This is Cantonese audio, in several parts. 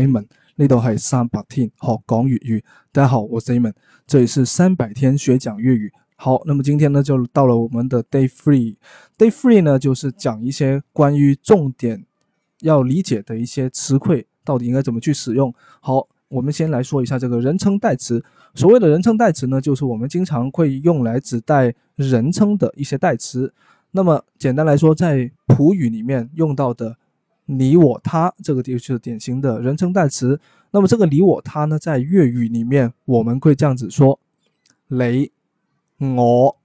Aman 呢度係三百天學講粵語。大家好，我是 Aman，這裏是三百天學講粵語。好，那麼今天呢就到了我們的 Day Three。Day Three 呢就是講一些關於重點要理解的一些詞彙，到底應該怎麼去使用。好，我們先來說一下這個人稱代詞。所謂的人稱代詞呢，就是我們經常會用來指代人稱的一些代詞。那麼簡單來說，在普語裏面用到的。你、我、他，這個就是典型的人稱代詞。那麼這個你、我、他呢，在粵語裡面我們會這樣子說：你、我、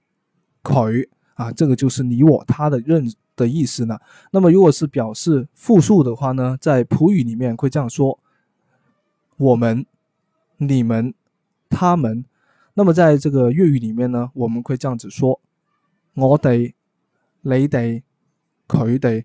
佢啊，這個就是你、我、他的認的意思呢。那麼如果是表示複數的話呢，在普語裡面會這樣說：我們、你們、他們。那麼在這個粵語裡面呢，我們會這樣子說：我哋、你哋、佢哋。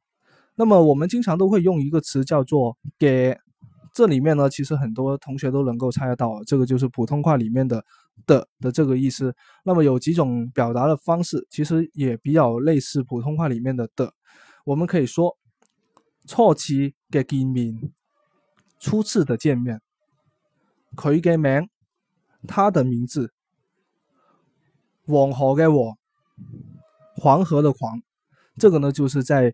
那麼我們經常都會用一個詞叫做“嘅”，這裏面呢，其實很多同學都能夠猜得到，這個就是普通話裏面的“的”的這個意思。那麼有幾種表達的方式，其實也比較類似普通話裏面的“的”。我們可以說“初次嘅見面”，“初次的見面”；“佢嘅名”，“他的名字”；“黃河嘅黃”，“黃河的黃”。這個呢，就是在，